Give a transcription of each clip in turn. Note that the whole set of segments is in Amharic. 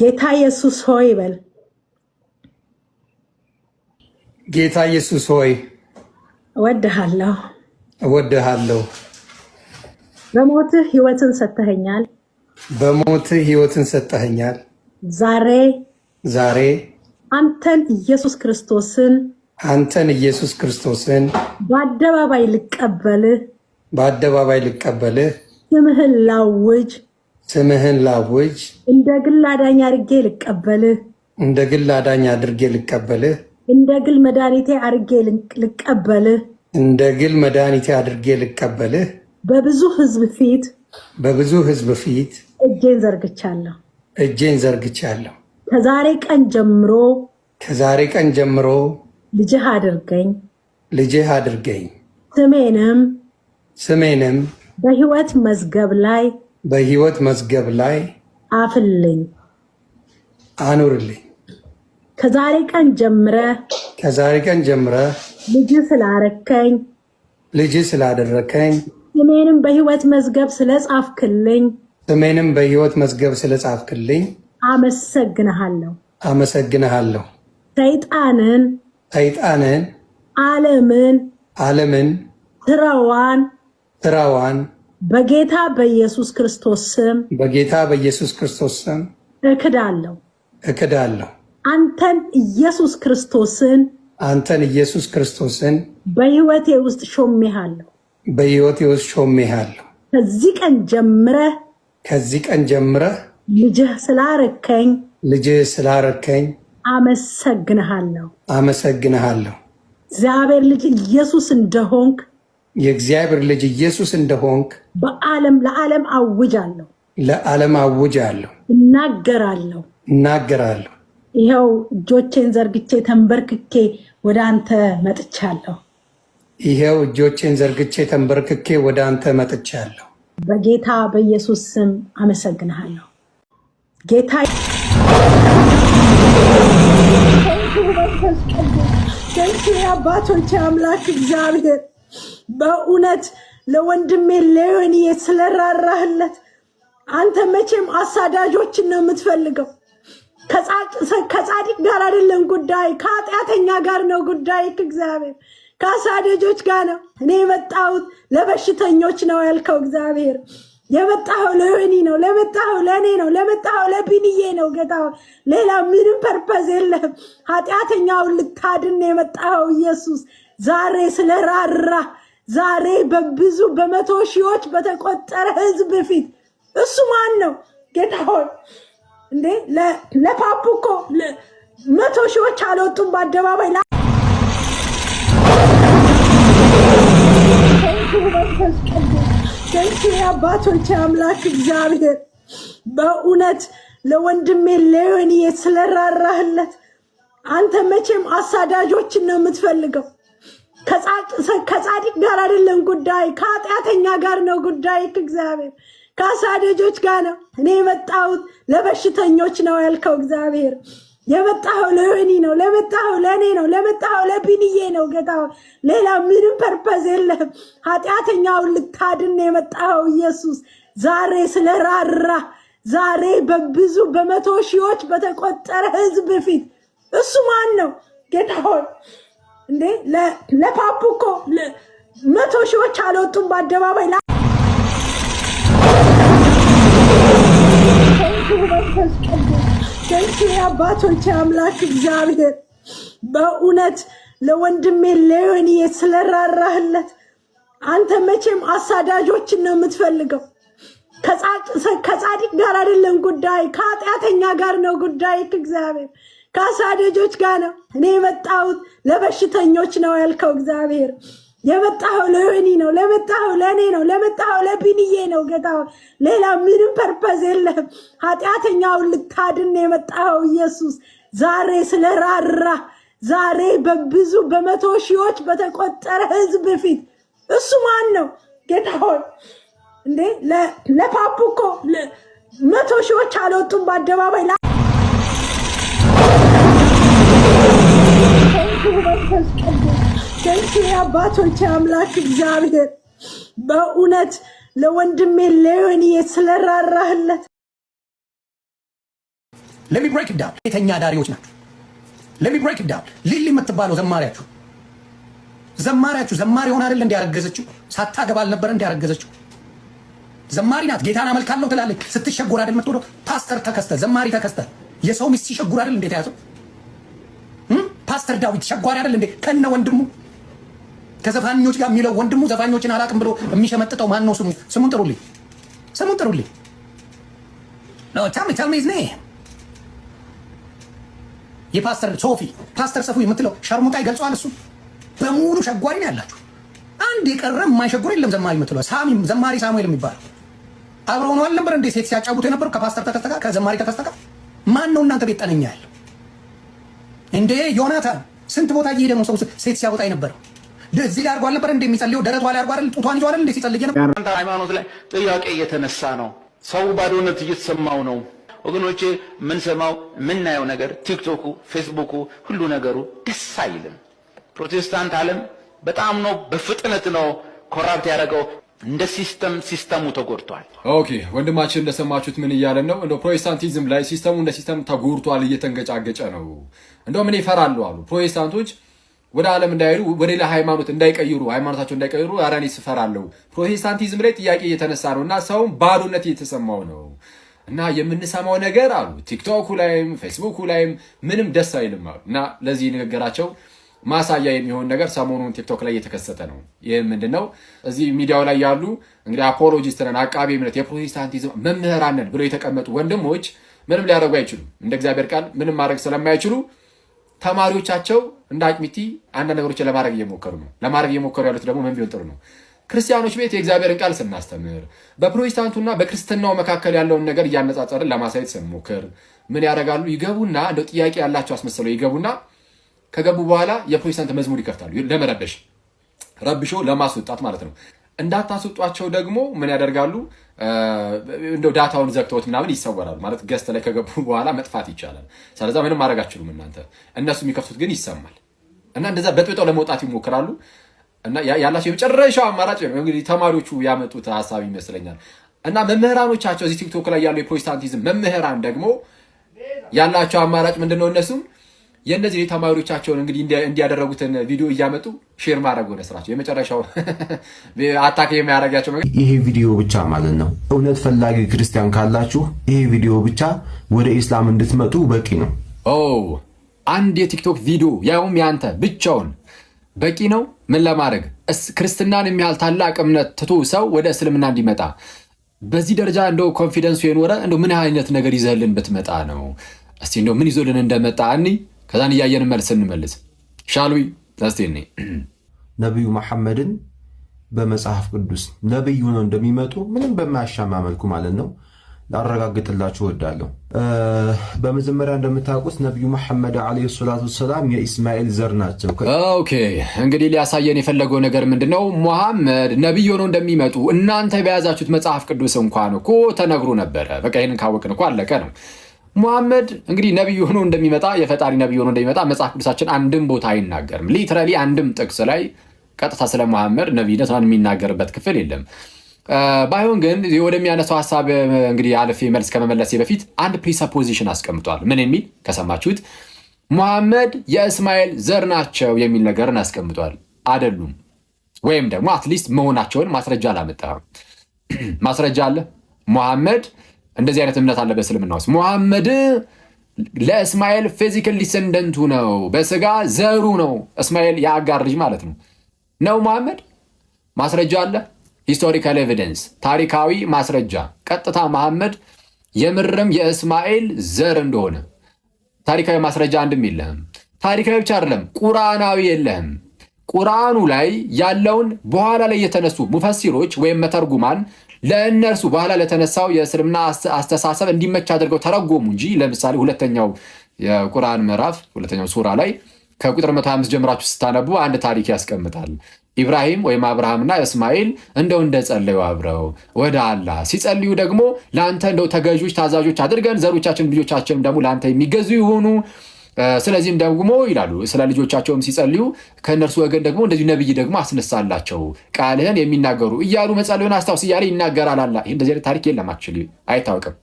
ጌታ ኢየሱስ ሆይ ይበል። ጌታ ኢየሱስ ሆይ እወድሃለሁ፣ እወድሃለሁ። በሞትህ ህይወትን ሰጥተኸኛል፣ በሞትህ ህይወትን ሰጥተኸኛል። ዛሬ ዛሬ አንተን ኢየሱስ ክርስቶስን አንተን ኢየሱስ ክርስቶስን በአደባባይ ልቀበልህ፣ በአደባባይ ልቀበልህ፣ ስምህን ላውጅ ስምህን ላውጅ እንደ ግል አዳኝ አድርጌ ልቀበልህ እንደ ግል አዳኝ አድርጌ ልቀበልህ እንደ ግል መድኃኒቴ አድርጌ ልቀበልህ እንደ ግል መድኃኒቴ አድርጌ ልቀበልህ በብዙ ህዝብ ፊት በብዙ ህዝብ ፊት እጄን ዘርግቻለሁ እጄን ዘርግቻለሁ። ከዛሬ ቀን ጀምሮ ከዛሬ ቀን ጀምሮ ልጅህ አድርገኝ ልጅህ አድርገኝ ስሜንም ስሜንም በህይወት መዝገብ ላይ በህይወት መዝገብ ላይ አፍልኝ አኑርልኝ። ከዛሬ ቀን ጀምረ ከዛሬ ቀን ጀምረ ልጅ ስላረከኝ ልጅ ስላደረከኝ ስሜንም በህይወት መዝገብ ስለጻፍክልኝ ስሜንም በህይወት መዝገብ ስለጻፍክልኝ አመሰግንሃለሁ አመሰግንሃለሁ። ሰይጣንን ሰይጣንን ዓለምን ዓለምን ስራዋን ስራዋን በጌታ በኢየሱስ ክርስቶስ ስም በጌታ በኢየሱስ ክርስቶስ ስም እክዳለሁ እክዳለሁ አንተን ኢየሱስ ክርስቶስን አንተን ኢየሱስ ክርስቶስን በህይወቴ ውስጥ ሾሜሃለሁ በህይወቴ ውስጥ ሾሜሃለሁ። ከዚህ ቀን ጀምረህ ከዚህ ቀን ጀምረህ ልጅህ ስላረከኝ ልጅህ ስላረከኝ አመሰግንሃለሁ አመሰግንሃለሁ። እግዚአብሔር ልጅ ኢየሱስ እንደሆንክ የእግዚአብሔር ልጅ ኢየሱስ እንደሆንክ በዓለም ለዓለም አውጃለሁ ለዓለም አውጃለሁ እናገራለሁ እናገራለሁ። ይኸው እጆቼን ዘርግቼ ተንበርክኬ ወደ አንተ መጥቻለሁ። ይኸው እጆቼን ዘርግቼ ተንበርክኬ ወደ አንተ መጥቻለሁ። በጌታ በኢየሱስ ስም አመሰግንሃለሁ ጌታ አባቶች አምላክ እግዚአብሔር በእውነት ለወንድሜ ለዮኒ ስለራራህለት አንተ መቼም አሳዳጆችን ነው የምትፈልገው። ከጻድቅ ጋር አይደለም ጉዳይ፣ ከኃጢአተኛ ጋር ነው ጉዳይ። እግዚአብሔር ከአሳዳጆች ጋር ነው። እኔ የመጣሁት ለበሽተኞች ነው ያልከው እግዚአብሔር የመጣኸው ለዮኒ ነው፣ ለመጣኸው ለእኔ ነው፣ ለመጣኸው ለቢንዬ ነው። ጌታ ሌላ ምንም ፐርፐዝ የለህም። ኃጢአተኛውን ልታድን የመጣኸው ኢየሱስ ዛሬ ስለራራ ዛሬ በብዙ በመቶ ሺዎች በተቆጠረ ህዝብ ፊት እሱ ማን ነው? ጌታ ሆይ እንዴ! ለፓፑ እኮ መቶ ሺዎች አልወጡም በአደባባይ ንኪ አባቶች አምላክ እግዚአብሔር በእውነት ለወንድሜ ለዮኒ ስለራራህለት አንተ መቼም አሳዳጆችን ነው የምትፈልገው። ከጻድቅ ጋር አይደለም ጉዳይ፣ ከኃጢአተኛ ጋር ነው ጉዳይ። እግዚአብሔር ከአሳደጆች ጋር ነው። እኔ የመጣሁት ለበሽተኞች ነው ያልከው እግዚአብሔር የመጣኸው ለወኒ ነው፣ ለመጣኸው ለእኔ ነው፣ ለመጣኸው ለቢንዬ ነው። ጌታ ሌላ ምንም ፐርፐዝ የለም። ኃጢአተኛውን ልታድን የመጣኸው ኢየሱስ ዛሬ ስለራራ ዛሬ በብዙ በመቶ ሺዎች በተቆጠረ ሕዝብ ፊት እሱ ማን ነው ጌታ ሆይ እንዴ ለፓፑ እኮ መቶ ሺዎች አልወጡም በአደባባይ ደንቱ አባቶች አምላክ እግዚአብሔር በእውነት ለወንድሜ ለዮኒ ስለራራህለት አንተ መቼም አሳዳጆችን ነው የምትፈልገው። ከጻድቅ ጋር አይደለም ጉዳይ ከኃጢአተኛ ጋር ነው ጉዳይ እግዚአብሔር ከአሳደጆች ጋር ነው እኔ የመጣሁት። ለበሽተኞች ነው ያልከው እግዚአብሔር። የመጣኸው ለወኒ ነው፣ ለመጣኸው ለእኔ ነው፣ ለመጣኸው ለቢንዬ ነው። ጌታ ሌላ ምንም ፐርፐዝ የለም። ኃጢአተኛውን ልታድን የመጣኸው ኢየሱስ ዛሬ ስለራራ ዛሬ በብዙ በመቶ ሺዎች በተቆጠረ ህዝብ ፊት እሱ ማን ነው? ጌታ ሆይ እንዴ ለፓፑ እኮ መቶ ሺዎች አልወጡም በአደባባይ አባቶች አምላክ እግዚአብሔር በእውነት ለወንድሜ ለዮኒ ስለራራህለት ለሚ ብሬክ ዳውን የተኛ ዳሪዎች ናቸው። ለሚ ብሬክ ዳውን ሊሊ የምትባለው ዘማሪያችሁ ዘማሪያችሁ ዘማሪ ሆና አይደል እንዲያረገዘችው ሳታገባ አልነበረ እንዲያረገዘችው ዘማሪ ናት። ጌታን አመልካለሁ ትላለች። ስትሸጎር አይደል የምትወደው ፓስተር ተከስተ ዘማሪ ተከስተ የሰው ሚስት ሲሸጉር አይደል እንዴት ያዘው ፓስተር ዳዊት ሸጓሪ አይደል እንዴ? ከነ ወንድሙ ከዘፋኞች ጋር የሚለው ወንድሙ ዘፋኞችን አላቅም ብሎ የሚሸመጥጠው ማን ነው ስሙ? ስሙን ጥሩልኝ፣ ስሙን ጥሩልኝ። የፓስተር ሶፊ ፓስተር ሰፉ የምትለው ሸርሙቃ ይገልጸዋል። እሱ በሙሉ ሸጓሪ ነው ያላችሁ። አንድ የቀረ የማይሸጉር የለም። ዘማሪ የምትለው ሳሚም ዘማሪ ሳሙኤል የሚባለው አብረው ነው አልነበረ እንዴ? ሴት ሲያጫውቱ የነበሩ ከፓስተር ተከስተካ ከዘማሪ ተከስተካ ማን ነው እናንተ ቤት ጠነኛ ያለው? እንደ ዮናታን ስንት ቦታ እየሄደ ነው ሰው ሴት ሲያወጣ የነበረው? እዚህ ላይ አድርጎ አልነበረ እንደሚጸልየው ደረቷ ላይ አድርጎ አይደል? ጡቷን ይዞ አይደል ሲጸልየ ነበር። አንተ ሃይማኖት ላይ ጥያቄ እየተነሳ ነው። ሰው ባዶነት እየተሰማው ነው። ወገኖቼ የምንሰማው የምናየው ነገር ቲክቶኩ፣ ፌስቡኩ፣ ሁሉ ነገሩ ደስ አይልም። ፕሮቴስታንት ዓለም በጣም ነው በፍጥነት ነው ኮራፕት ያደረገው። እንደ ሲስተም ሲስተሙ ተጎድቷል። ኦኬ ወንድማችን እንደሰማችሁት ምን እያለን ነው? እንደ ፕሮቴስታንቲዝም ላይ ሲስተሙ እንደ ሲስተም ተጎድቷል፣ እየተንገጫገጨ ነው። እንደውም እኔ እፈራለሁ አሉ ፕሮቴስታንቶች ወደ ዓለም እንዳይሄዱ ወደ ሌላ ሃይማኖት እንዳይቀይሩ ሃይማኖታቸው እንዳይቀይሩ አራኔ ስፈራለሁ። ፕሮቴስታንቲዝም ላይ ጥያቄ እየተነሳ ነው እና ሰውም ባዶነት እየተሰማው ነው እና የምንሰማው ነገር አሉ ቲክቶኩ ላይም ፌስቡኩ ላይም ምንም ደስ አይልም አሉ እና ለዚህ ንግግራቸው ማሳያ የሚሆን ነገር ሰሞኑን ቲክቶክ ላይ እየተከሰተ ነው። ይህ ምንድን ነው? እዚህ ሚዲያው ላይ ያሉ እንግዲህ አፖሎጂስት ነን፣ አቃቤ እምነት፣ የፕሮቴስታንቲዝም መምህራን ነን ብለው የተቀመጡ ወንድሞች ምንም ሊያደርጉ አይችሉም። እንደ እግዚአብሔር ቃል ምንም ማድረግ ስለማይችሉ ተማሪዎቻቸው እንደ አቅሚቲ አንዳንድ ነገሮችን ለማድረግ እየሞከሩ ነው። ለማድረግ እየሞከሩ ያሉት ደግሞ ምን ቢሆን ጥሩ ነው? ክርስቲያኖች ቤት የእግዚአብሔርን ቃል ስናስተምር በፕሮቴስታንቱና በክርስትናው መካከል ያለውን ነገር እያነጻጸርን ለማሳየት ስንሞክር ምን ያደርጋሉ? ይገቡና እንደው ጥያቄ ያላቸው አስመስለው ይገቡና ከገቡ በኋላ የፕሮቴስታንት መዝሙር ይከፍታሉ ለመረበሽ ረብሾ ለማስወጣት ማለት ነው። እንዳታስወጧቸው ደግሞ ምን ያደርጋሉ? እንደው ዳታውን ዘግተውት ምናምን ይሰወራሉ። ማለት ገስት ላይ ከገቡ በኋላ መጥፋት ይቻላል። ስለዛ ምንም ማድረግ አችሉም እናንተ። እነሱ የሚከፍቱት ግን ይሰማል እና እንደዛ በጥብጠው ለመውጣት ይሞክራሉ። እና ያላቸው የመጨረሻው አማራጭ እንግዲህ ተማሪዎቹ ያመጡት ሀሳብ ይመስለኛል። እና መምህራኖቻቸው እዚህ ቲክቶክ ላይ ያሉ የፕሮቴስታንቲዝም መምህራን ደግሞ ያላቸው አማራጭ ምንድነው? እነሱም የእነዚህ ተማሪዎቻቸውን እንግዲህ እንዲያደረጉትን ቪዲዮ እያመጡ ሼር ማድረግ ወደ ስራቸው የመጨረሻው አታክ የሚያደርጋቸው ይሄ ቪዲዮ ብቻ ማለት ነው። እውነት ፈላጊ ክርስቲያን ካላችሁ ይሄ ቪዲዮ ብቻ ወደ ኢስላም እንድትመጡ በቂ ነው። ኦ አንድ የቲክቶክ ቪዲዮ ያውም ያንተ ብቻውን በቂ ነው። ምን ለማድረግ ክርስትናን የሚያህል ታላቅ እምነት ትቶ ሰው ወደ እስልምና እንዲመጣ በዚህ ደረጃ እንደው ኮንፊደንሱ የኖረ እንደው ምን አይነት ነገር ይዘህልን ብትመጣ ነው? እስቲ እንደው ምን ይዞልን እንደመጣ እኒ ከዛን እያየን መልስ እንመልስ ሻሉይ ዛስቴኔ ነቢዩ መሐመድን በመጽሐፍ ቅዱስ ነቢዩ ነው እንደሚመጡ ምንም በማያሻማ መልኩ ማለት ነው ላረጋግጥላችሁ እወዳለሁ። በመጀመሪያ እንደምታውቁት ነቢዩ መሐመድ ዓለይሂ ሰላቱ ወሰላም የኢስማኤል ዘር ናቸው። ኦኬ እንግዲህ ሊያሳየን የፈለገው ነገር ምንድን ነው? ሙሐመድ ነቢይ ሆነው እንደሚመጡ እናንተ በያዛችሁት መጽሐፍ ቅዱስ እንኳን እኮ ተነግሮ ነበረ። በቃ ይህንን ካወቅን እኮ አለቀ ነው። ሙሐመድ እንግዲህ ነቢይ ሆኖ እንደሚመጣ የፈጣሪ ነቢይ ሆኖ እንደሚመጣ መጽሐፍ ቅዱሳችን አንድም ቦታ አይናገርም። ሊትራሊ አንድም ጥቅስ ላይ ቀጥታ ስለ ሙሐመድ ነቢይነት የሚናገርበት ክፍል የለም። ባይሆን ግን ወደሚያነሳው ሀሳብ እንግዲህ አልፌ መልስ ከመመለሴ በፊት አንድ ፕሪሰፖዚሽን አስቀምጧል። ምን የሚል ከሰማችሁት ሙሐመድ የእስማኤል ዘር ናቸው የሚል ነገርን አስቀምጧል። አይደሉም ወይም ደግሞ አትሊስት መሆናቸውን ማስረጃ አላመጣም። ማስረጃ አለ ሙሐመድ እንደዚህ አይነት እምነት አለ በእስልምና ውስጥ። ሙሐመድ ለእስማኤል ፊዚካል ዲሰንደንቱ ነው፣ በስጋ ዘሩ ነው። እስማኤል የአጋር ልጅ ማለት ነው። ነው ሙሐመድ ማስረጃ አለ፣ ሂስቶሪካል ኤቪደንስ፣ ታሪካዊ ማስረጃ፣ ቀጥታ መሐመድ የምርም የእስማኤል ዘር እንደሆነ ታሪካዊ ማስረጃ አንድም የለህም። ታሪካዊ ብቻ አይደለም ቁርአናዊ የለህም። ቁርአኑ ላይ ያለውን በኋላ ላይ የተነሱ ሙፈሲሮች ወይም መተርጉማን ለእነርሱ በኋላ ለተነሳው የእስልምና አስተሳሰብ እንዲመች አድርገው ተረጎሙ እንጂ ለምሳሌ ሁለተኛው የቁርአን ምዕራፍ ሁለተኛው ሱራ ላይ ከቁጥር 125 ጀምራችሁ ስታነቡ አንድ ታሪክ ያስቀምጣል። ኢብራሂም ወይም አብርሃምና እስማኤል እንደው እንደጸለዩ አብረው ወደ አላ ሲጸልዩ ደግሞ ለአንተ እንደው ተገዦች ታዛዦች አድርገን ዘሮቻችን ልጆቻችንም ደግሞ ለአንተ የሚገዙ ይሆኑ ስለዚህም ደግሞ ይላሉ ስለ ልጆቻቸውም ሲጸልዩ ከእነርሱ ወገን ደግሞ እንደዚሁ ነብይ ደግሞ አስነሳላቸው ቃልህን የሚናገሩ እያሉ መጸለዩን አስታውስ እያለ ይናገራል አላ። እንደዚህ ታሪክ የለም፣ አይታወቅም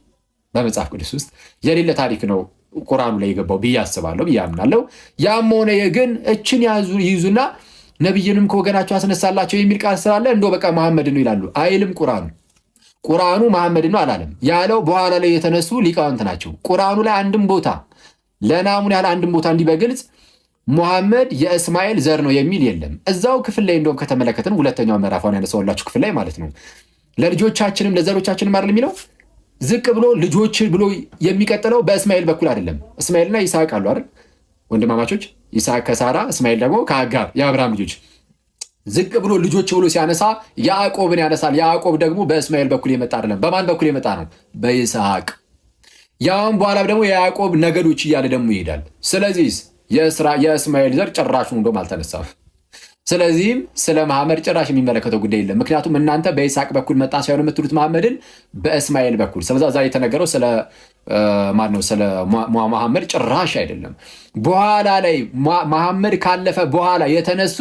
በመጽሐፍ ቅዱስ ውስጥ የሌለ ታሪክ ነው ቁርአኑ ላይ የገባው ብዬ አስባለሁ ብዬ አምናለሁ። ያም ሆነ ግን እችን ይይዙና ነቢይንም ከወገናቸው አስነሳላቸው የሚል ቃል ስላለ እንደ በቃ መሐመድ ነው ይላሉ። አይልም ቁርአኑ ቁርአኑ መሐመድ ነው አላለም። ያለው በኋላ ላይ የተነሱ ሊቃውንት ናቸው። ቁርአኑ ላይ አንድም ቦታ ለናሙን ያለ አንድም ቦታ እንዲህ በግልጽ ሙሐመድ የእስማኤል ዘር ነው የሚል የለም። እዛው ክፍል ላይ እንደውም ከተመለከትን ሁለተኛው ምዕራፏን ያነሳውላችሁ ክፍል ላይ ማለት ነው ለልጆቻችንም ለዘሮቻችንም አይደል የሚለው ዝቅ ብሎ ልጆች ብሎ የሚቀጥለው በእስማኤል በኩል አይደለም። እስማኤልና ይስሐቅ አሉ አይደል ወንድማማቾች፣ ይስሐቅ ከሳራ እስማኤል ደግሞ ከአጋር የአብርሃም ልጆች። ዝቅ ብሎ ልጆች ብሎ ሲያነሳ ያዕቆብን ያነሳል። ያዕቆብ ደግሞ በእስማኤል በኩል የመጣ አይደለም። በማን በኩል የመጣ ነው? በይስሐቅ ያም በኋላ ደግሞ የያዕቆብ ነገዶች እያለ ደግሞ ይሄዳል። ስለዚህ የእስማኤል ዘር ጭራሽ እንደውም አልተነሳም። ስለዚህም ስለ መሐመድ ጭራሽ የሚመለከተው ጉዳይ የለም። ምክንያቱም እናንተ በይስሐቅ በኩል መጣ ሳይሆን የምትሉት መሐመድን በእስማኤል በኩል ስለዛ ዛ የተነገረው ስለ ማን ነው? ስለ መሐመድ ጭራሽ አይደለም። በኋላ ላይ መሐመድ ካለፈ በኋላ የተነሱ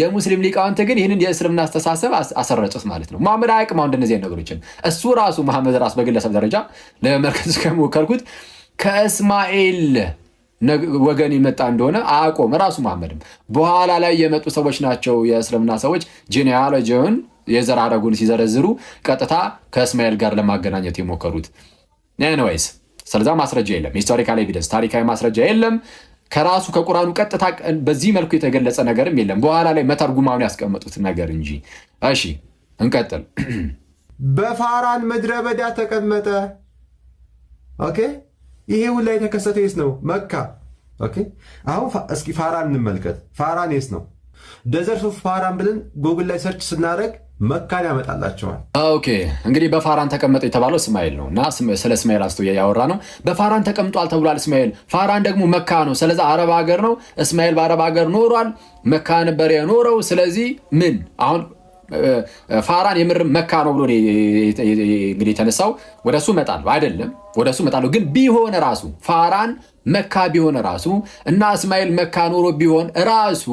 የሙስሊም ሊቃውንት ግን ይህንን የእስልምና አስተሳሰብ አሰረጩት ማለት ነው። መሐመድ አያቅማው እንደነዚህ ነገሮችን እሱ ራሱ መሐመድ ራሱ በግለሰብ ደረጃ ለመመልከት ከሞከርኩት ከእስማኤል ወገን የመጣ እንደሆነ አቆም ራሱ መሐመድም በኋላ ላይ የመጡ ሰዎች ናቸው። የእስልምና ሰዎች ጂኒያሎጂውን የዘር ሐረጉን ሲዘረዝሩ ቀጥታ ከእስማኤል ጋር ለማገናኘት የሞከሩት። ኤኒዌይስ ስለዛ ማስረጃ የለም። ሂስቶሪካል ኤቪደንስ ታሪካዊ ማስረጃ የለም። ከራሱ ከቁራኑ ቀጥታ በዚህ መልኩ የተገለጸ ነገርም የለም። በኋላ ላይ መተርጉማውን ያስቀመጡት ነገር እንጂ። እሺ እንቀጥል። በፋራን ምድረ በዳ ተቀመጠ። ኦኬ ይሄ ሁላ የተከሰተ የት ነው? መካ። ኦኬ አሁን እስኪ ፋራን እንመልከት። ፋራን የት ነው? ደዘርት ኦፍ ፋራን ብለን ጎግል ላይ ሰርች ስናደረግ መካን ያመጣላቸዋል። ኦኬ እንግዲህ በፋራን ተቀመጠ የተባለው እስማኤል ነው እና ስለ እስማኤል አስተ ያወራ ነው። በፋራን ተቀምጧል ተብሏል። እስማኤል ፋራን ደግሞ መካ ነው። ስለዚ አረብ ሀገር ነው። እስማኤል በአረብ ሀገር ኖሯል። መካ ነበር የኖረው። ስለዚህ ምን አሁን ፋራን የምር መካ ነው ብሎ እንግዲህ የተነሳው ወደሱ እመጣለሁ አይደለም፣ ወደሱ እመጣለሁ ግን ቢሆን ራሱ ፋራን መካ ቢሆን ራሱ እና እስማኤል መካ ኖሮ ቢሆን ራሱ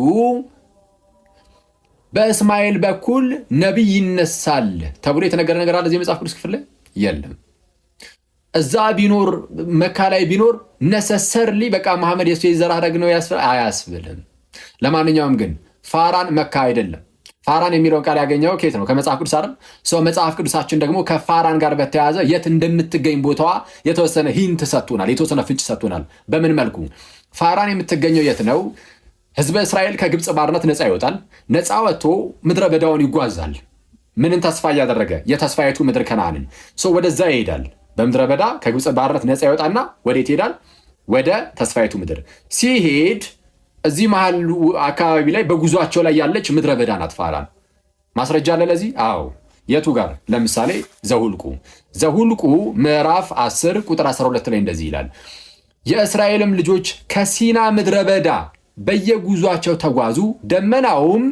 በእስማኤል በኩል ነቢይ ይነሳል ተብሎ የተነገረ ነገር አለ እዚህ መጽሐፍ ቅዱስ ክፍል ላይ የለም። እዛ ቢኖር መካ ላይ ቢኖር ነሰሰርሊ በቃ መሐመድ የሱ የዘር ነው አያስብልም። ለማንኛውም ግን ፋራን መካ አይደለም ፋራን የሚለውን ቃል ያገኘው ኬት ነው? ከመጽሐፍ ቅዱስ አይደል? ሰው መጽሐፍ ቅዱሳችን ደግሞ ከፋራን ጋር በተያያዘ የት እንደምትገኝ ቦታዋ የተወሰነ ሂንት ሰጡናል፣ የተወሰነ ፍንጭ ሰጡናል። በምን መልኩ ፋራን የምትገኘው የት ነው? ህዝበ እስራኤል ከግብፅ ባርነት ነፃ ይወጣል። ነፃ ወጥቶ ምድረ በዳውን ይጓዛል። ምንን ተስፋ እያደረገ የተስፋይቱ ምድር ከነአንን። ሰው ወደዛ ይሄዳል። በምድረ በዳ ከግብፅ ባርነት ነፃ ይወጣና ወዴት ይሄዳል? ወደ ተስፋይቱ ምድር ሲሄድ እዚህ መሀል አካባቢ ላይ በጉዟቸው ላይ ያለች ምድረ በዳ ናት ፋራን። ማስረጃ አለ ለዚህ? አዎ። የቱ ጋር? ለምሳሌ ዘሁልቁ ዘሁልቁ ምዕራፍ 10 ቁጥር 12 ላይ እንደዚህ ይላል፣ የእስራኤልም ልጆች ከሲና ምድረ በዳ በየጉዟቸው ተጓዙ፣ ደመናውም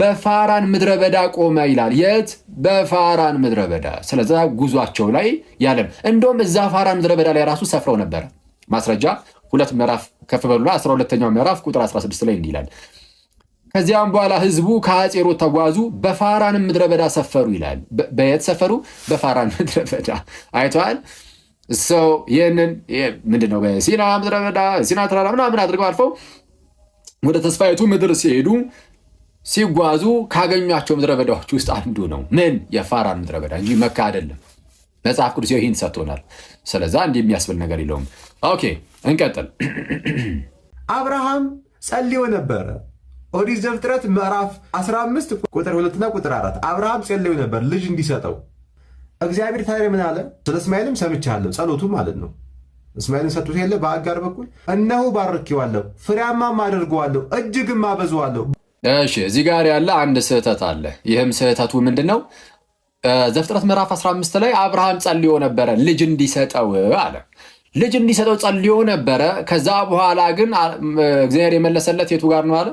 በፋራን ምድረ በዳ ቆመ ይላል። የት? በፋራን ምድረ በዳ። ስለዛ ጉዟቸው ላይ ያለም እንደውም እዛ ፋራን ምድረ በዳ ላይ ራሱ ሰፍረው ነበር። ማስረጃ ሁለት ምዕራፍ ከፍ በሉ 12 ኛው ምዕራፍ ቁጥር 16 ላይ እንዲህ ይላል። ከዚያም በኋላ ህዝቡ ከአጼሮት ተጓዙ፣ በፋራን ምድረ በዳ ሰፈሩ ይላል። በየት ሰፈሩ? በፋራን ምድረ በዳ አይተዋል። ሰው ይህንን ምንድነው በሲና ምድረ በዳ ሲና ተራራ ምናምን አድርገው አልፈው ወደ ተስፋይቱ ምድር ሲሄዱ ሲጓዙ ካገኟቸው ምድረ በዳዎች ውስጥ አንዱ ነው። ምን የፋራን ምድረ በዳ እንጂ መካ አይደለም። መጽሐፍ ቅዱስ ይህን ሰጥቶናል። ስለዛ እንዲህ የሚያስብል ነገር የለውም። ኦኬ እንቀጥል። አብርሃም ጸልዮ ነበረ። ኦሪት ዘፍጥረት ምዕራፍ 15 ቁጥር 2 ቁጥር 4 አብርሃም ጸልዮ ነበር ልጅ እንዲሰጠው። እግዚአብሔር ታዲያ ምን አለ? ስለ እስማኤልም ሰምቻለሁ፣ ጸሎቱ ማለት ነው። እስማኤልን ሰጡት የለ በአጋር በኩል እነሆ ባርኬዋለሁ፣ ፍሬያማም አደርገዋለሁ፣ እጅግም አበዛዋለሁ። እሺ እዚህ ጋር ያለ አንድ ስህተት አለ። ይህም ስህተቱ ምንድን ነው? ዘፍጥረት ምዕራፍ 15 ላይ አብርሃም ጸልዮ ነበረ ልጅ እንዲሰጠው አለ። ልጅ እንዲሰጠው ጸልዮ ነበረ። ከዛ በኋላ ግን እግዚአብሔር የመለሰለት የቱ ጋር ነው አለ?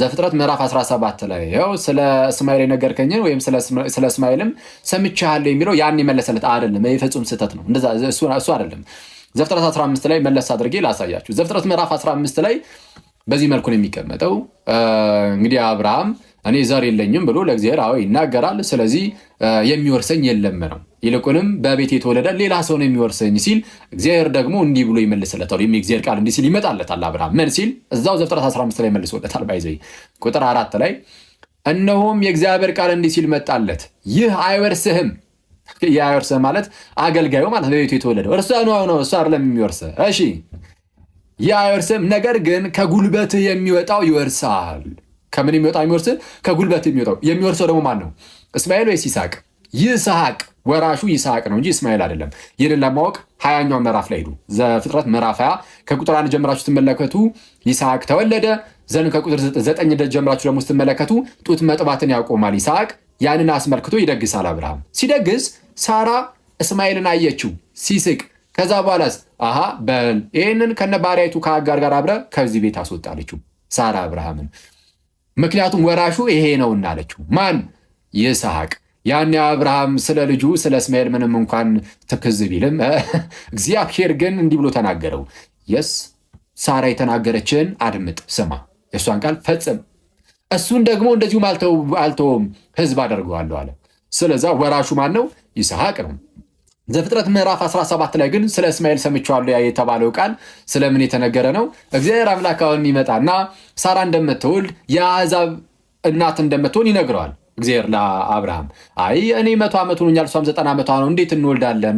ዘፍጥረት ምዕራፍ 17 ላይ ው ስለ እስማኤል የነገርከኝን ወይም ስለ እስማኤልም ሰምቻለሁ የሚለው ያን የመለሰለት አይደለም። የፍጹም ስህተት ነው። እሱ አይደለም። ዘፍጥረት 15 ላይ መለስ አድርጌ ላሳያችሁ። ዘፍጥረት ምዕራፍ 15 ላይ በዚህ መልኩ ነው የሚቀመጠው። እንግዲህ አብርሃም እኔ ዘር የለኝም ብሎ ለእግዚአብሔር አዎ ይናገራል። ስለዚህ የሚወርሰኝ የለም ነው። ይልቁንም በቤት የተወለደ ሌላ ሰው ነው የሚወርሰኝ ሲል እግዚአብሔር ደግሞ እንዲህ ብሎ ይመልስለታል። ወይም የእግዚአብሔር ቃል እንዲህ ሲል ይመጣለታል። አብርሃም ምን ሲል እዛው ዘፍጥረት 15 ላይ መልሶለታል። ባይዘ ቁጥር አራት ላይ እነሆም የእግዚአብሔር ቃል እንዲህ ሲል መጣለት፣ ይህ አይወርስህም። ይህ አይወርስህም ማለት አገልጋዩ ማለት በቤቱ የተወለደው እርሱ ነው። እሱ አይደለም የሚወርስህ። እሺ፣ ይህ አይወርስህም፣ ነገር ግን ከጉልበትህ የሚወጣው ይወርሳል። ከምን የሚወጣው የሚወርስ ከጉልበት የሚወጣው የሚወርሰው ደግሞ ማን ነው? እስማኤል ወይስ ይስሐቅ? ይስሐቅ ወራሹ ይስሐቅ ነው እንጂ እስማኤል አይደለም። ይህንን ለማወቅ ሀያኛው ምዕራፍ ላይ ሄዱ። ዘፍጥረት ምዕራፍ ሀያ ከቁጥር አንድ ጀምራችሁ ስትመለከቱ ይስሐቅ ተወለደ ዘን ከቁጥር ዘጠኝ ደጅ ጀምራችሁ ደግሞ ስትመለከቱ ጡት መጥባትን ያቆማል ይስሐቅ። ያንን አስመልክቶ ይደግሳል አብርሃም። ሲደግስ ሳራ እስማኤልን አየችው ሲስቅ። ከዛ በኋላ አሃ በል ይህንን ከነ ባሪያይቱ ከአጋር ጋር አብረ ከዚህ ቤት አስወጣለችው ሳራ አብርሃምን ምክንያቱም ወራሹ ይሄ ነው እናለችው። ማን ይስሐቅ። ያኔ አብርሃም ስለ ልጁ ስለ እስማኤል ምንም እንኳን ትክዝ ቢልም እግዚአብሔር ግን እንዲህ ብሎ ተናገረው። የስ ሳራ የተናገረችን አድምጥ፣ ስማ፣ የእሷን ቃል ፈጽም። እሱን ደግሞ እንደዚሁም አልተውም፣ ህዝብ አደርገዋለሁ አለ። ስለዛ ወራሹ ማን ነው? ይስሐቅ ነው። ዘፍጥረት ምዕራፍ 17 ላይ ግን ስለ እስማኤል ሰምቼዋለሁ ያ የተባለው ቃል ስለምን የተነገረ ነው? እግዚአብሔር አምላክ አሁን ይመጣና ሳራ እንደምትወልድ የአሕዛብ እናት እንደምትሆን ይነግረዋል እግዚአብሔር ለአብርሃም። አይ እኔ መቶ ዓመት ሆኖኛል፣ እሷም ዘጠና ዓመቷ ነው፣ እንዴት እንወልዳለን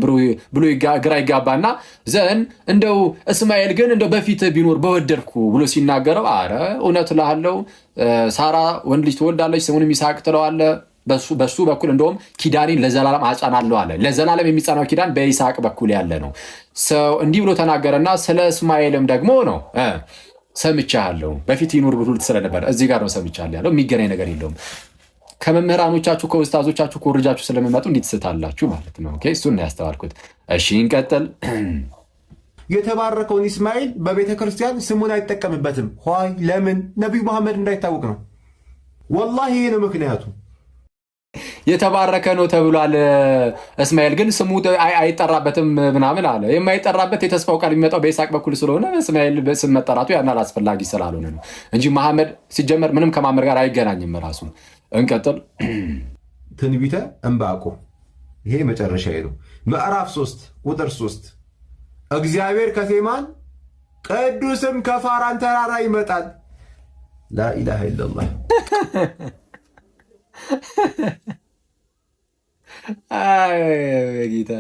ብሎ ግራ ይጋባና ዘን እንደው እስማኤል ግን እንደው በፊት ቢኖር በወደድኩ ብሎ ሲናገረው፣ አረ እውነት እልሃለሁ ሳራ ወንድ ልጅ ትወልዳለች፣ ስሙንም ይስሐቅ ትለዋለህ በሱ በኩል እንደውም ኪዳኔን ለዘላለም አጸናለሁ አለ። ለዘላለም የሚጸናው ኪዳን በይስሐቅ በኩል ያለ ነው። ሰው እንዲህ ብሎ ተናገረና ስለ እስማኤልም ደግሞ ነው ሰምቻለሁ። በፊት ይኑር ብሎ ስለነበረ እዚህ ጋር ነው ሰምቻለሁ ያለው። የሚገናኝ ነገር የለውም። ከመምህራኖቻችሁ ከውስታዞቻችሁ ከወርጃችሁ ስለምመጡ እንዲህ ትስታላችሁ ማለት ነው። እሱን ነው ያስተዋልኩት። እሺ እንቀጥል። የተባረከውን እስማኤል በቤተ ክርስቲያን ስሙን አይጠቀምበትም። ይ ለምን ነቢዩ መሐመድ እንዳይታወቅ ነው። ወላሂ ይሄ ነው ምክንያቱም የተባረከ ነው ተብሏል። እስማኤል ግን ስሙ አይጠራበትም ምናምን አለ። የማይጠራበት የተስፋው ቃል የሚመጣው በይስሐቅ በኩል ስለሆነ እስማኤል ስም መጠራቱ ያናል አስፈላጊ ስላልሆነ ነው እንጂ መሐመድ ሲጀመር ምንም ከማመድ ጋር አይገናኝም። ራሱ እንቀጥል። ትንቢተ ዕንባቆም ይሄ መጨረሻ ነው። ምዕራፍ ሶስት ቁጥር ሶስት እግዚአብሔር ከቴማን ቅዱስም ከፋራን ተራራ ይመጣል። ላኢላሃ ኢለላህ ጌታ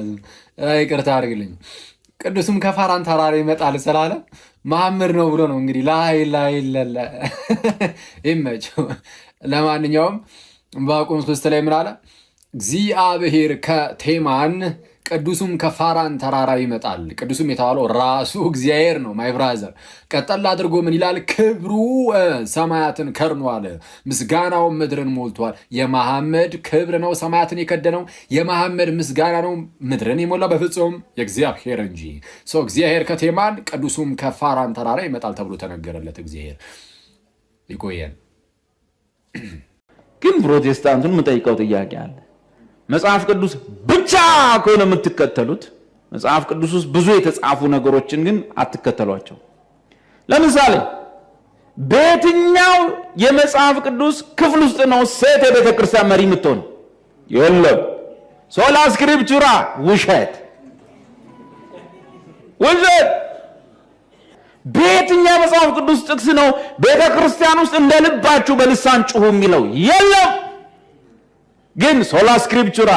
ይቅርታ አድርግልኝ። ቅዱስም ከፋራን ተራራ ይመጣል ስላለ መሐመድ ነው ብሎ ነው እንግዲህ ላይ ላይ ለለ ይመችው። ለማንኛውም በቁም ሶስት ላይ ምን አለ? እግዚአብሔር ከቴማን ቅዱሱም ከፋራን ተራራ ይመጣል። ቅዱሱም የተባለው ራሱ እግዚአብሔር ነው። ማይ ብራዘር ቀጠል አድርጎ ምን ይላል? ክብሩ ሰማያትን ከርኗል ምስጋናው ምድርን ሞልቷል። የመሐመድ ክብር ነው ሰማያትን የከደነው፣ የመሐመድ ምስጋና ነው ምድርን የሞላ በፍጹም የእግዚአብሔር እንጂ። ሰው እግዚአብሔር ከቴማን ቅዱሱም ከፋራን ተራራ ይመጣል ተብሎ ተነገረለት። እግዚአብሔር ይቆየን። ግን ፕሮቴስታንቱን የምጠይቀው ጥያቄ አለ መጽሐፍ ቅዱስ ብቻ ከሆነ የምትከተሉት መጽሐፍ ቅዱስ ውስጥ ብዙ የተጻፉ ነገሮችን ግን አትከተሏቸው። ለምሳሌ በየትኛው የመጽሐፍ ቅዱስ ክፍል ውስጥ ነው ሴት የቤተ ክርስቲያን መሪ የምትሆን? የለም። ሶላ ስክሪፕቹራ ውሸት ውሸት። በየትኛው የመጽሐፍ ቅዱስ ጥቅስ ነው ቤተ ክርስቲያን ውስጥ እንደ ልባችሁ በልሳን ጩሁ የሚለው? የለም። ግን ሶላ ስክሪፕቹራ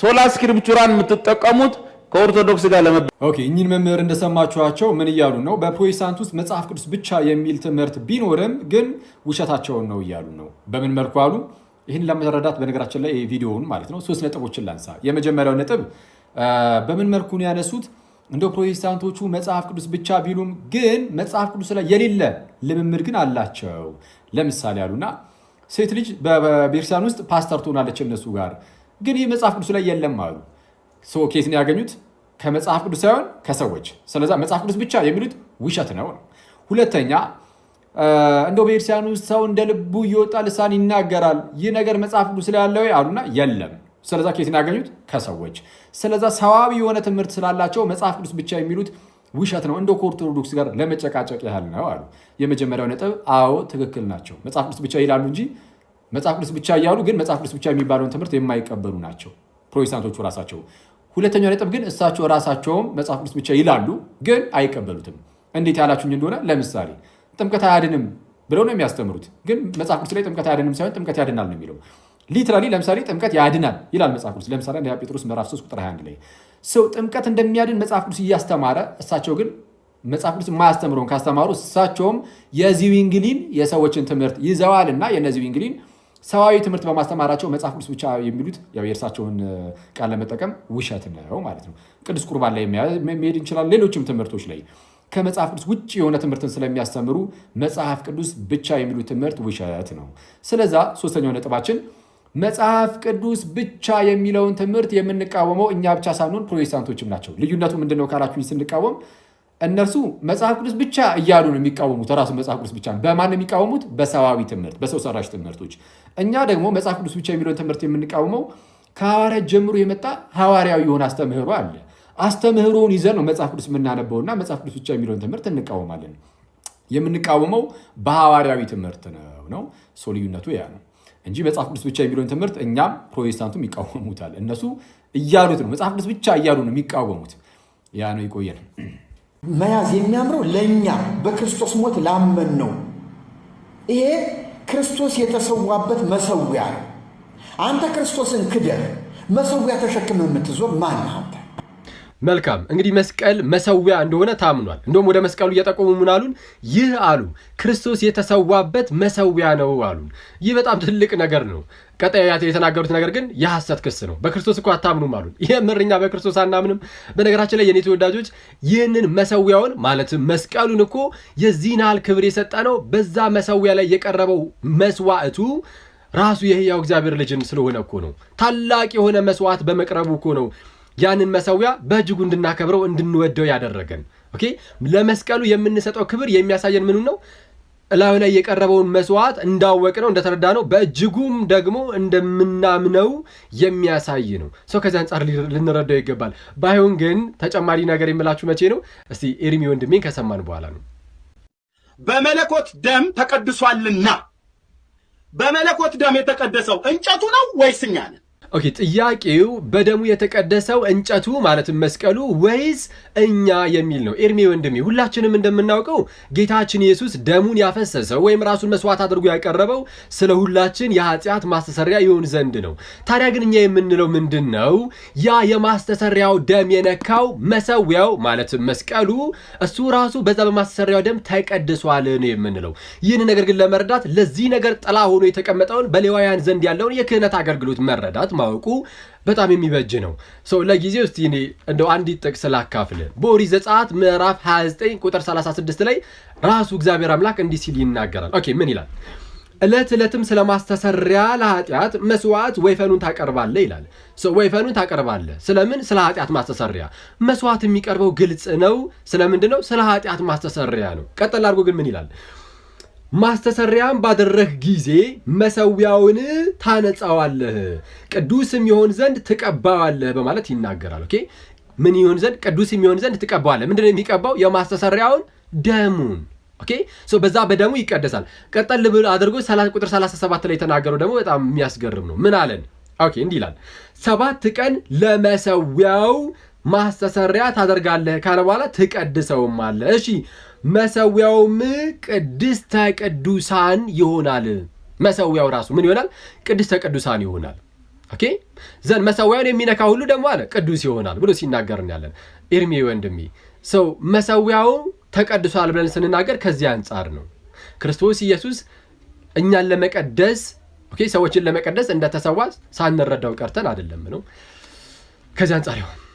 ሶላ ስክሪፕቹራን የምትጠቀሙት ከኦርቶዶክስ ጋር ለመ ኦኬ እኚህን መምህር እንደሰማችኋቸው ምን እያሉ ነው? በፕሮቴስታንት ውስጥ መጽሐፍ ቅዱስ ብቻ የሚል ትምህርት ቢኖርም ግን ውሸታቸውን ነው እያሉ ነው። በምን መልኩ አሉ? ይህን ለመረዳት በነገራችን ላይ ቪዲዮውን ማለት ነው ሶስት ነጥቦችን ላንሳ። የመጀመሪያው ነጥብ በምን መልኩ ነው ያነሱት? እንደ ፕሮቴስታንቶቹ መጽሐፍ ቅዱስ ብቻ ቢሉም ግን መጽሐፍ ቅዱስ ላይ የሌለ ልምምድ ግን አላቸው። ለምሳሌ አሉና ሴት ልጅ በቤርሳን ውስጥ ፓስተር ትሆናለች እነሱ ጋር ግን ይህ መጽሐፍ ቅዱስ ላይ የለም አሉ። ሰው ኬትን ያገኙት? ከመጽሐፍ ቅዱስ ሳይሆን ከሰዎች። ስለዛ መጽሐፍ ቅዱስ ብቻ የሚሉት ውሸት ነው። ሁለተኛ እንደው ቤርሳን ውስጥ ሰው እንደ ልቡ እየወጣ ልሳን ይናገራል። ይህ ነገር መጽሐፍ ቅዱስ ላይ ያለው አሉና የለም ስለዛ ኬትን ያገኙት ከሰዎች። ስለዛ ሰዋቢ የሆነ ትምህርት ስላላቸው መጽሐፍ ቅዱስ ብቻ የሚሉት ውሸት ነው፣ እንደው ከኦርቶዶክስ ጋር ለመጨቃጨቅ ያህል ነው አሉ። የመጀመሪያው ነጥብ አዎ ትክክል ናቸው። መጽሐፍ ቅዱስ ብቻ ይላሉ እንጂ መጽሐፍ ቅዱስ ብቻ እያሉ ግን መጽሐፍ ቅዱስ ብቻ የሚባለውን ትምህርት የማይቀበሉ ናቸው ፕሮቴስታንቶቹ ራሳቸው። ሁለተኛው ነጥብ ግን እሳቸው ራሳቸውም መጽሐፍ ቅዱስ ብቻ ይላሉ፣ ግን አይቀበሉትም። እንዴት ያላችሁኝ እንደሆነ ለምሳሌ ጥምቀት አያድንም ብለው ነው የሚያስተምሩት፣ ግን መጽሐፍ ቅዱስ ላይ ጥምቀት አያድንም ሳይሆን ጥምቀት ያድናል ነው የሚለው ሊትራሊ ለምሳሌ ጥምቀት ያድናል ይላል መጽሐፍ ቅዱስ። ለምሳሌ አንደኛ ጴጥሮስ ምዕራፍ 3 ቁጥር 21 ላይ ሰው ጥምቀት እንደሚያድን መጽሐፍ ቅዱስ እያስተማረ እሳቸው ግን መጽሐፍ ቅዱስ የማያስተምረውን ካስተማሩ እሳቸውም የዚህ ዊንግሊን የሰዎችን ትምህርት ይዘዋልና የነዚህ ዊንግሊን ሰዋዊ ትምህርት በማስተማራቸው መጽሐፍ ቅዱስ ብቻ የሚሉት ያው የእርሳቸውን ቃል ለመጠቀም ውሸት ነው ማለት ነው። ቅዱስ ቁርባን ላይ መሄድ እንችላለን። ሌሎችም ትምህርቶች ላይ ከመጽሐፍ ቅዱስ ውጭ የሆነ ትምህርትን ስለሚያስተምሩ መጽሐፍ ቅዱስ ብቻ የሚሉት ትምህርት ውሸት ነው። ስለዛ ሶስተኛው ነጥባችን መጽሐፍ ቅዱስ ብቻ የሚለውን ትምህርት የምንቃወመው እኛ ብቻ ሳንሆን ፕሮቴስታንቶችም ናቸው። ልዩነቱ ምንድነው ነው ካላችሁኝ፣ ስንቃወም እነርሱ መጽሐፍ ቅዱስ ብቻ እያሉ ነው የሚቃወሙት። ራሱ መጽሐፍ ቅዱስ ብቻ በማን የሚቃወሙት? በሰዋዊ ትምህርት፣ በሰው ሰራሽ ትምህርቶች። እኛ ደግሞ መጽሐፍ ቅዱስ ብቻ የሚለውን ትምህርት የምንቃወመው ከሐዋርያት ጀምሮ የመጣ ሐዋርያዊ የሆነ አስተምህሮ አለ። አስተምህሮውን ይዘን ነው መጽሐፍ ቅዱስ የምናነበውና መጽሐፍ ቅዱስ ብቻ የሚለውን ትምህርት እንቃወማለን። የምንቃወመው በሐዋርያዊ ትምህርት ነው ነው። ልዩነቱ ያ ነው። እንጂ መጽሐፍ ቅዱስ ብቻ የሚለውን ትምህርት እኛም ፕሮቴስታንቱም ይቃወሙታል። እነሱ እያሉት ነው፣ መጽሐፍ ቅዱስ ብቻ እያሉ ነው የሚቃወሙት። ያ ነው ይቆየን። መያዝ የሚያምረው ለእኛ በክርስቶስ ሞት ላመን ነው። ይሄ ክርስቶስ የተሰዋበት መሰዊያ ነው። አንተ ክርስቶስን ክደህ መሰዊያ ተሸክመ የምትዞር ማን አንተ? መልካም እንግዲህ መስቀል መሰዊያ እንደሆነ ታምኗል። እንደውም ወደ መስቀሉ እየጠቆሙ ምን አሉን? ይህ አሉ ክርስቶስ የተሰዋበት መሰዊያ ነው አሉን። ይህ በጣም ትልቅ ነገር ነው። ቀጣይ የተናገሩት ነገር ግን የሐሰት ክስ ነው። በክርስቶስ እኮ አታምኑም አሉን። ይህ ምርኛ በክርስቶስ አናምንም። በነገራችን ላይ የኔ ተወዳጆች ይህንን መሰዊያውን ማለትም መስቀሉን እኮ የዚህን ያህል ክብር የሰጠ ነው። በዛ መሰዊያ ላይ የቀረበው መስዋዕቱ ራሱ የህያው እግዚአብሔር ልጅን ስለሆነ እኮ ነው። ታላቅ የሆነ መስዋዕት በመቅረቡ እኮ ነው ያንን መሰዊያ በእጅጉ እንድናከብረው እንድንወደው ያደረገን። ኦኬ ለመስቀሉ የምንሰጠው ክብር የሚያሳየን ምኑ ነው? እላዩ ላይ የቀረበውን መስዋዕት እንዳወቅ ነው እንደተረዳ ነው በእጅጉም ደግሞ እንደምናምነው የሚያሳይ ነው። ሰው ከዚህ አንጻር ልንረዳው ይገባል። ባይሆን ግን ተጨማሪ ነገር የምላችሁ መቼ ነው? እስቲ ኤርሚ ወንድሜን ከሰማን በኋላ ነው። በመለኮት ደም ተቀድሷልና፣ በመለኮት ደም የተቀደሰው እንጨቱ ነው ወይስ እኛ ነን? ኦኬ ጥያቄው በደሙ የተቀደሰው እንጨቱ ማለትም መስቀሉ ወይስ እኛ የሚል ነው። ኤርሜ ወንድሜ፣ ሁላችንም እንደምናውቀው ጌታችን ኢየሱስ ደሙን ያፈሰሰው ወይም ራሱን መስዋዕት አድርጎ ያቀረበው ስለ ሁላችን የኃጢአት ማስተሰሪያ ይሆን ዘንድ ነው። ታዲያ ግን እኛ የምንለው ምንድን ነው? ያ የማስተሰሪያው ደም የነካው መሰዊያው ማለትም መስቀሉ እሱ ራሱ በዛ በማስተሰሪያው ደም ተቀድሷል ነው የምንለው። ይህን ነገር ግን ለመረዳት ለዚህ ነገር ጥላ ሆኖ የተቀመጠውን በሌዋውያን ዘንድ ያለውን የክህነት አገልግሎት መረዳት ማወቁ በጣም የሚበጅ ነው። ሰው ለጊዜው እስቲ እኔ እንደው አንዲት ጥቅስ ላካፍል። በኦሪት ዘጸአት ምዕራፍ 29 ቁጥር 36 ላይ ራሱ እግዚአብሔር አምላክ እንዲህ ሲል ይናገራል። ኦኬ ምን ይላል? ዕለት ዕለትም ስለ ማስተሰሪያ ለኃጢአት መስዋዕት ወይፈኑን ታቀርባለህ ይላል። ወይፈኑን ታቀርባለህ ስለምን? ስለ ኃጢአት ማስተሰሪያ። መስዋዕት የሚቀርበው ግልጽ ነው። ስለምንድን ነው? ስለ ኃጢአት ማስተሰሪያ ነው። ቀጠል አድርጎ ግን ምን ይላል? ማስተሰሪያም ባደረህ ጊዜ መሰዊያውን ታነጻዋለህ፣ ቅዱስም ይሆን ዘንድ ትቀባዋለህ በማለት ይናገራል። ኦኬ ምን ይሆን ዘንድ ቅዱስ የሚሆን ዘንድ ትቀባዋለህ። ምንድን ነው የሚቀባው? የማስተሰሪያውን ደሙን። ኦኬ ሶ በዛ በደሙ ይቀደሳል። ቀጠል ብሎ አድርጎ ቁጥር 37 ላይ የተናገረው ደግሞ በጣም የሚያስገርም ነው። ምን አለን? ኦኬ እንዲህ ይላል፣ ሰባት ቀን ለመሰዊያው ማስተሰሪያ ታደርጋለህ ካለ በኋላ ትቀድሰውም አለ። እሺ መሰዊያውም ቅድስተ ቅዱሳን ይሆናል። መሰዊያው ራሱ ምን ይሆናል? ቅድስተ ቅዱሳን ይሆናል። ኦኬ ዘን መሰዊያውን የሚነካ ሁሉ ደግሞ አለ ቅዱስ ይሆናል ብሎ ሲናገር ያለን ኤርሜ ወንድሜ ሰው መሰዊያው ተቀድሷል ብለን ስንናገር ከዚህ አንጻር ነው። ክርስቶስ ኢየሱስ እኛን ለመቀደስ ኦኬ ሰዎችን ለመቀደስ እንደተሰዋ ሳንረዳው ቀርተን አይደለም ነው። ከዚህ አንጻር ይሆን